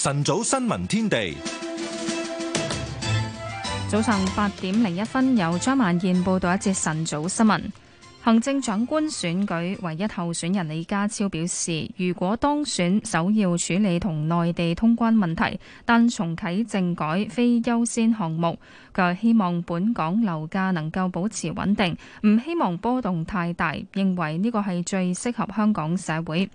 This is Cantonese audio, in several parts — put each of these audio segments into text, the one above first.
晨早新聞天地，早上八點零一分，由張曼燕報道一節晨早新聞。行政長官選舉唯一候選人李家超表示，如果當選，首要處理同內地通關問題，但重啟政改非優先項目。佢希望本港樓價能夠保持穩定，唔希望波動太大，認為呢個係最適合香港社會。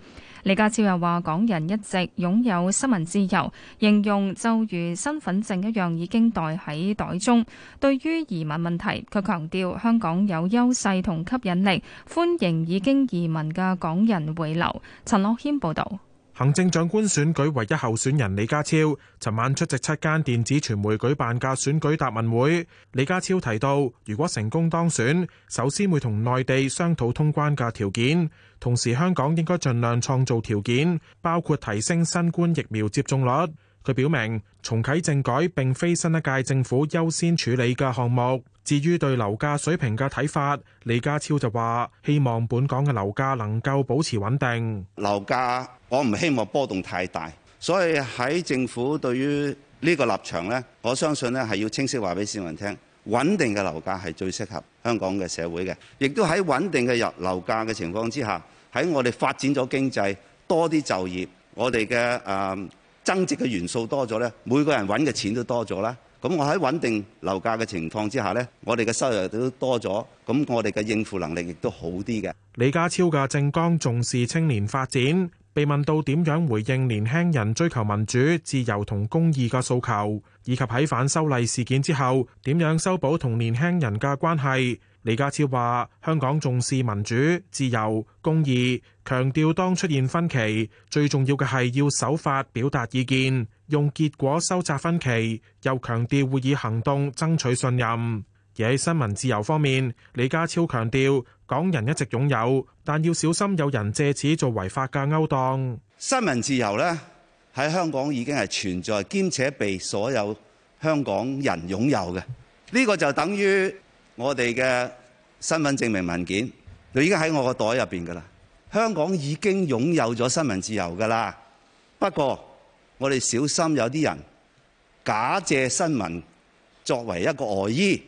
李家超又話：港人一直擁有新聞自由，形容就如身份證一樣已經袋喺袋中。對於移民問題，佢強調香港有優勢同吸引力，歡迎已經移民嘅港人回流。陳樂軒報導。行政長官選舉唯一候選人李家超，尋晚出席七間電子傳媒舉辦嘅選舉答問會。李家超提到，如果成功當選，首先會同內地商討通關嘅條件，同時香港應該盡量創造條件，包括提升新冠疫苗接種率。佢表明，重啟政改並非新一屆政府優先處理嘅項目。至於對樓價水平嘅睇法，李家超就話：希望本港嘅樓價能夠保持穩定。樓價我唔希望波動太大，所以喺政府對於呢個立場呢，我相信咧係要清晰話俾市民聽，穩定嘅樓價係最適合香港嘅社會嘅。亦都喺穩定嘅入樓價嘅情況之下，喺我哋發展咗經濟，多啲就業，我哋嘅誒增值嘅元素多咗咧，每個人揾嘅錢都多咗啦。咁我喺穩定樓價嘅情況之下呢，我哋嘅收入都多咗，咁我哋嘅應付能力亦都好啲嘅。李家超嘅政綱重視青年發展，被問到點樣回應年輕人追求民主、自由同公義嘅訴求，以及喺反修例事件之後點樣修補同年輕人嘅關係。李家超話：香港重視民主、自由、公義，強調當出現分歧，最重要嘅係要守法表達意見，用結果收窄分歧。又強調會以行動爭取信任。而喺新聞自由方面，李家超強調，港人一直擁有，但要小心有人借此做違法嘅勾當。新聞自由呢，喺香港已經係存在，兼且被所有香港人擁有嘅。呢個就等於。我哋嘅身份證明文件，佢已經喺我個袋入邊㗎喇。香港已經擁有咗新聞自由㗎喇。不過，我哋小心有啲人假借新聞作為一個外衣，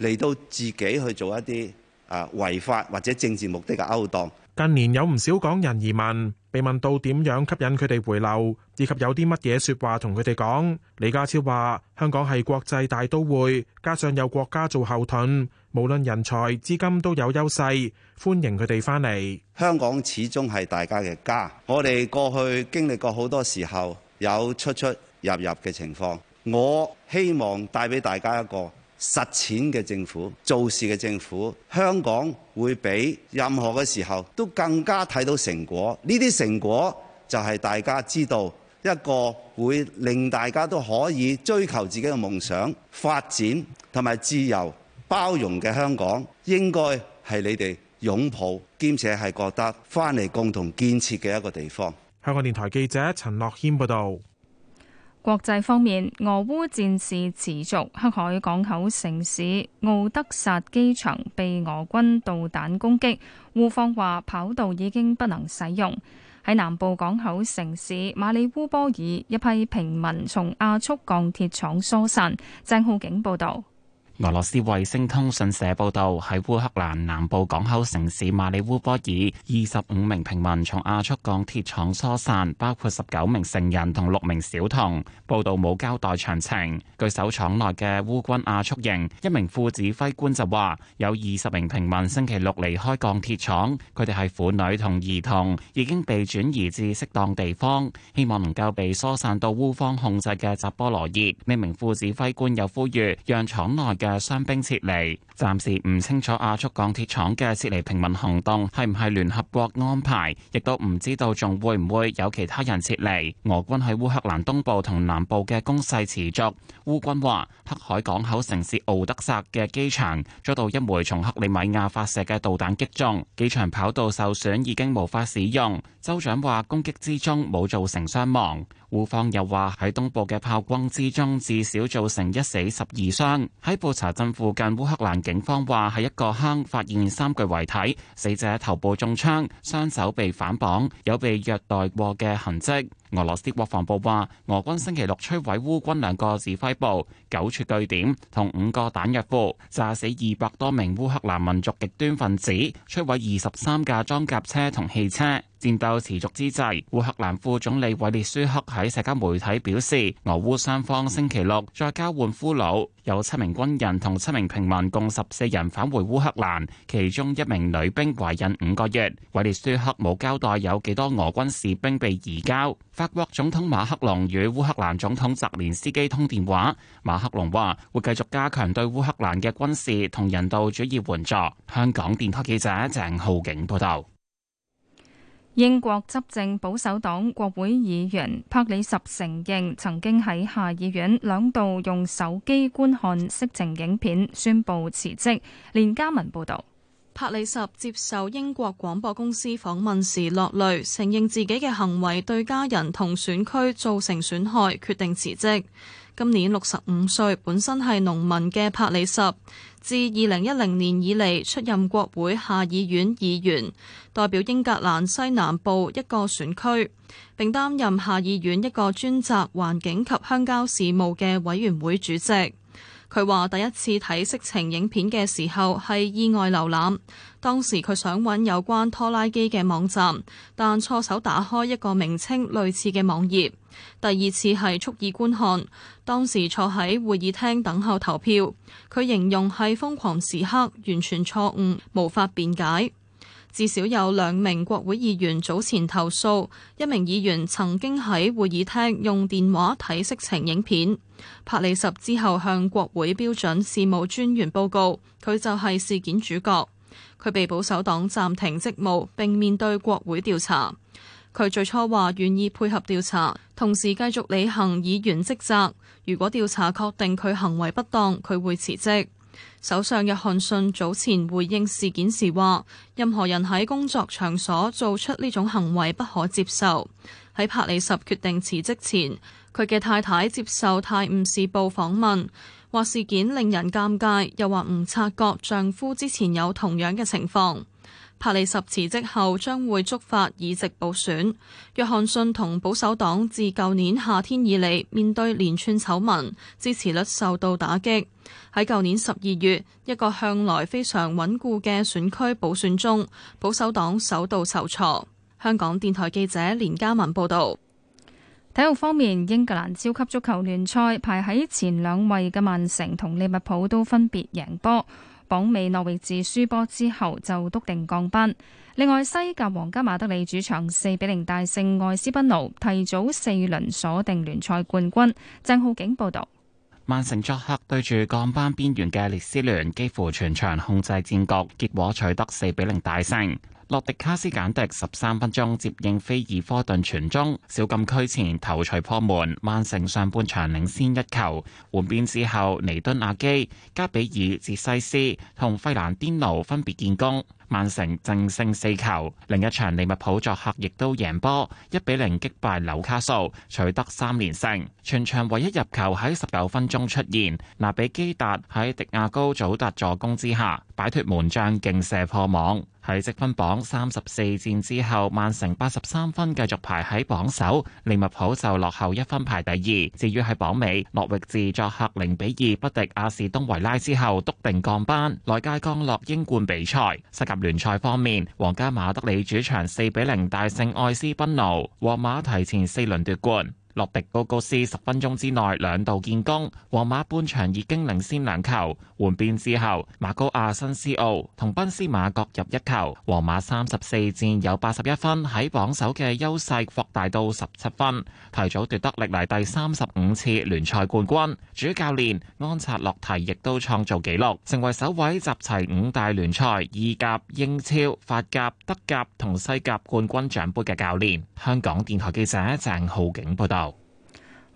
嚟到自己去做一啲啊違法或者政治目的嘅勾當。近年有唔少港人移民，被問到點樣吸引佢哋回流，以及有啲乜嘢說話同佢哋講，李家超話：香港係國際大都會，加上有國家做後盾，無論人才、資金都有優勢，歡迎佢哋翻嚟。香港始終係大家嘅家，我哋過去經歷過好多時候有出出入入嘅情況，我希望帶俾大家一個實踐嘅政府、做事嘅政府，香港會比任何嘅時候都更加睇到成果。呢啲成果就係大家知道一個會令大家都可以追求自己嘅夢想、發展同埋自由包容嘅香港，應該係你哋擁抱兼且係覺得翻嚟共同建設嘅一個地方。香港電台記者陳樂謙報導。國際方面，俄烏戰事持續，黑海港口城市奧德薩機場被俄軍導彈攻擊，烏方話跑道已經不能使用。喺南部港口城市馬里烏波爾，一批平民從亞速鋼鐵廠疏散。鄭浩景報道。俄羅斯衛星通訊社報道，喺烏克蘭南部港口城市馬里烏波爾，二十五名平民從亞速鋼鐵廠疏散，包括十九名成人同六名小童。報道冇交代詳情。據守廠內嘅烏軍亞速營一名副指揮官就話，有二十名平民星期六離開鋼鐵廠，佢哋係婦女同兒童，已經被轉移至適當地方，希望能夠被疏散到烏方控制嘅扎波羅熱。呢名副指揮官又呼籲，讓廠內嘅嘅傷兵撤離，暫時唔清楚亞速鋼鐵廠嘅撤離平民行動係唔係聯合國安排，亦都唔知道仲會唔會有其他人撤離。俄軍喺烏克蘭東部同南部嘅攻勢持續。烏軍話，黑海港口城市敖德薩嘅機場遭到一枚從克里米亞發射嘅導彈擊中，機場跑道受損已經無法使用。州長話，攻擊之中冇造成傷亡。烏方又話喺東部嘅炮轟之中，至少造成一死十二傷。喺布查鎮附近，烏克蘭警方話喺一個坑發現三具遺體，死者頭部中槍，雙手被反綁，有被虐待過嘅痕跡。俄羅斯國防部話，俄軍星期六摧毀烏軍兩個指揮部、九處據點同五個彈藥庫，炸死二百多名烏克蘭民族極端分子，摧毀二十三架裝甲車同汽車。戰鬥持續之際，烏克蘭副總理韋列舒克喺社交媒體表示，俄烏雙方星期六再交換俘虜。有七名軍人同七名平民共十四人返回烏克蘭，其中一名女兵懷孕五個月。韋列舒克冇交代有幾多俄軍士兵被移交。法國總統馬克龍與烏克蘭總統澤連斯基通電話，馬克龍話會繼續加強對烏克蘭嘅軍事同人道主義援助。香港電台記者鄭浩景報道。英國執政保守黨國會議員帕里什承認，曾經喺下議院兩度用手機觀看色情影片，宣布辭職。連加文報道，帕里什接受英國廣播公司訪問時落淚，承認自己嘅行為對家人同選區造成損害，決定辭職。今年六十五歲，本身係農民嘅帕里什，自二零一零年以嚟出任國會下議院議員，代表英格蘭西南部一個選區，並擔任下議院一個專責環境及鄉郊事務嘅委員會主席。佢話：第一次睇色情影片嘅時候係意外瀏覽，當時佢想搵有關拖拉機嘅網站，但錯手打開一個名稱類似嘅網頁。第二次係蓄意觀看，當時坐喺會議廳等候投票，佢形容係瘋狂時刻，完全錯誤，無法辯解。至少有兩名國會議員早前投訴，一名議員曾經喺會議廳用電話睇色情影片。帕里什之後向國會標準事務專員報告，佢就係事件主角。佢被保守黨暫停職務並面對國會調查。佢最初話願意配合調查，同時繼續履行議員職責，如果調查確定佢行為不當，佢會辭職。首相約翰遜早前回應事件時話：任何人喺工作場所做出呢種行為不可接受。喺帕里什決定辭職前，佢嘅太太接受《泰晤士報》訪問，話事件令人尷尬，又話唔察覺丈夫之前有同樣嘅情況。帕利什辭職後將會觸發議席補選。約翰遜同保守黨自舊年夏天以嚟面對連串醜聞，支持率受到打擊。喺舊年十二月，一個向來非常穩固嘅選區補選中，保守黨首度受挫。香港電台記者連加文報導。體育方面，英格蘭超級足球聯賽排喺前兩位嘅曼城同利物浦都分別贏波。榜尾諾域治輸波之後就篤定降班。另外西甲皇家馬德里主場四比零大勝愛斯賓奴，提早四輪鎖定聯賽冠軍。鄭浩景報道。曼城作客對住降班邊緣嘅列斯聯，幾乎全場控制戰局，結果取得四比零大勝。洛迪卡斯簡迪十三分鐘接應菲爾科頓傳中，小禁區前頭錘破門。曼城上半場領先一球，換邊之後，尼敦亞基、加比爾、捷西斯同費蘭顛奴分別建功，曼城淨勝四球。另一場利物浦作客亦都贏波，一比零擊敗紐卡素，取得三連勝。全場唯一入球喺十九分鐘出現，納比基達喺迪亞高祖達助攻之下擺脱門將，勁射破網。喺積分榜三十四戰之後，曼城八十三分繼續排喺榜首，利物浦就落後一分排第二。至於喺榜尾，諾域治作客零比二不敵阿士東維拉之後，篤定降班。來屆降落英冠比賽，西甲聯賽方面，皇家馬德里主場四比零大勝愛斯賓奴，皇馬提前四輪奪冠。洛迪高高斯十分鐘之內兩度建功，皇馬半場已經領先兩球。換邊之後，馬高亞新斯奧同賓斯馬各入一球，皇馬三十四戰有八十一分，喺榜首嘅優勢擴大到十七分，提早奪得歷來第三十五次聯賽冠軍。主教練安察洛提亦都創造紀錄，成為首位集齊五大聯賽意甲、英超、法甲、德甲同西甲冠軍獎杯嘅教練。香港電台記者鄭浩景報道。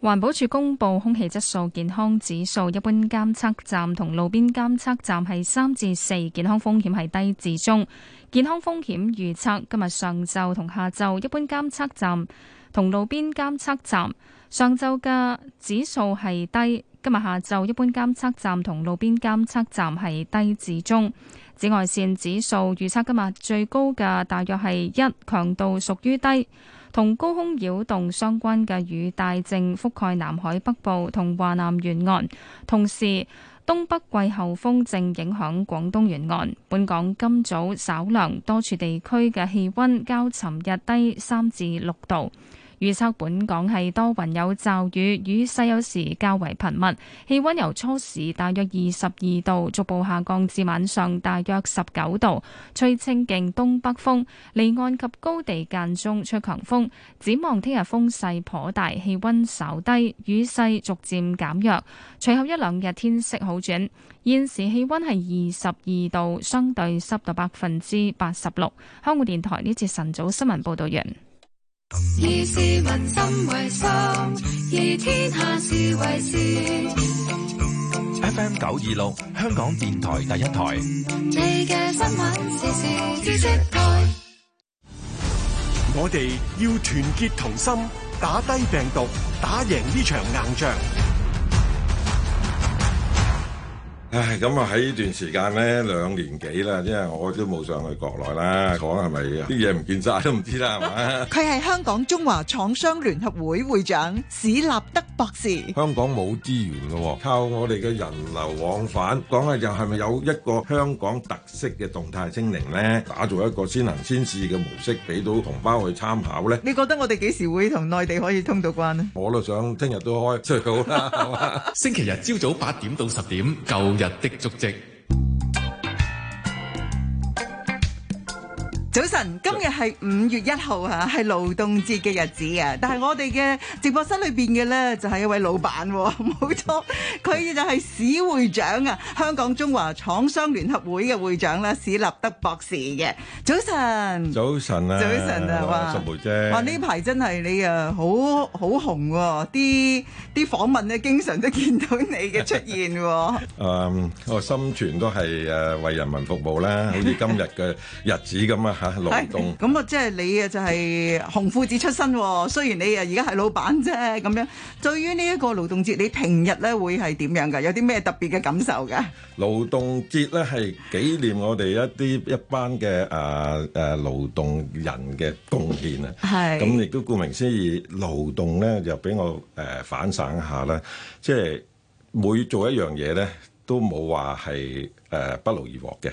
環保署公布空氣質素健康指數，一般監測站同路邊監測站係三至四，健康風險係低至中。健康風險預測今日上晝同下晝，一般監測站同路邊監測站上晝嘅指數係低，今日下晝一般監測站同路邊監測站係低至中。紫外線指數預測今日最高嘅大約係一，強度屬於低。同高空擾動相關嘅雨帶正覆蓋南海北部同華南沿岸，同時東北季候風正影響廣東沿岸。本港今早稍涼，多處地區嘅氣温較尋日低三至六度。預測本港係多雲有驟雨，雨勢有時較為頻密，氣温由初時大約二十二度逐步下降至晚上大約十九度，吹清勁東北風，離岸及高地間中吹強風。展望聽日風勢頗大，氣温稍低，雨勢逐漸減弱。隨後一兩日天色好轉。現時氣温係二十二度，相對濕度百分之八十六。香港電台呢節晨早新聞報道完。以市民心為心，以天下事為事。FM 九二六，香港電台第一台。你嘅新聞時事知識台，我哋要團結同心，打低病毒，打贏呢場硬仗。唉，咁啊喺呢段時間咧，兩年幾啦，因為我都冇上去國內啦，講係咪啲嘢唔見晒都唔知啦，係咪？佢係香港中華廠商聯合會會長史立德博士。香港冇資源嘅，靠我哋嘅人流往返，講嘅就係咪有一個香港特色嘅動態清零咧，打造一個先行先試嘅模式，俾到同胞去參考咧？你覺得我哋幾時會同內地可以通到關咧？我都想聽日都開出嚟好啦，係嘛？星期日朝早八點到十點，夠。日的足跡。早晨。係五月一號吓，係勞動節嘅日子啊！但係我哋嘅直播室裏邊嘅咧，就係一位老闆，冇錯，佢就係史會長啊，香港中華廠商聯合會嘅會長啦，史立德博士嘅。早晨，早晨啊，早晨啊，哇，十梅姐，話，呢排真係你啊，好好紅，啲啲訪問咧，經常都見到你嘅出現。誒，我心存都係誒為人民服務啦，好似今日嘅日子咁啊吓，勞動。咁啊，即係你啊，就係紅褲子出身，雖然你啊而家係老闆啫，咁樣。對於呢一個勞動節，你平日咧會係點樣噶？有啲咩特別嘅感受噶？勞動節咧係紀念我哋一啲一班嘅啊誒勞動人嘅貢獻啊，係。咁亦都顧名思義，勞動咧就俾我誒反省一下啦。即係每做一樣嘢咧，都冇話係誒不勞而獲嘅。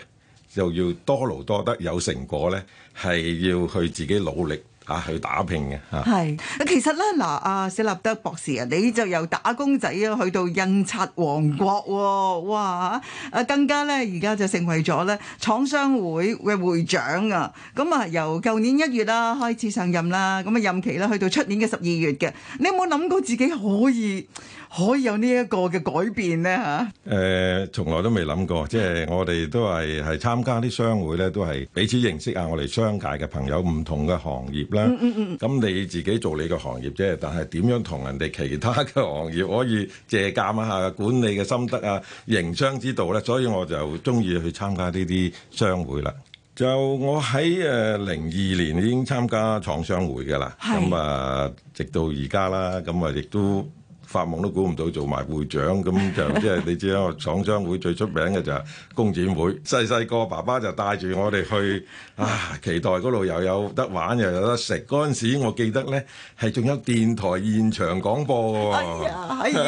就要多勞多得，有成果咧，係要去自己努力。啊，去打拼嘅嚇，係啊，其實咧，嗱，阿史立德博士啊，你就由打工仔啊，去到印刷王國喎，哇啊，啊更加咧，而家就成為咗咧，廠商會嘅會長啊，咁啊，由舊年一月啦開始上任啦，咁啊任期啦，去到出年嘅十二月嘅，你有冇諗過自己可以可以有呢一個嘅改變咧嚇？誒，從來都未諗過，即係我哋都係係參加啲商會咧，都係彼此認識下我哋商界嘅朋友，唔同嘅行業啦。嗯嗯嗯，咁你自己做你個行業啫，但係點樣同人哋其他嘅行業可以借鑒下管理嘅心得啊、營商之道咧，所以我就中意去參加呢啲商會啦。就我喺誒零二年已經參加廠商會噶啦，咁啊是、嗯、直到而家啦，咁啊亦都。發夢都估唔到做埋會長。咁就即係你知啦， 廠商會最出名嘅就係工展會。細細個爸爸就帶住我哋去啊，期待嗰度又有得玩又有得食。嗰陣時我記得呢係仲有電台現場廣播，哦 哎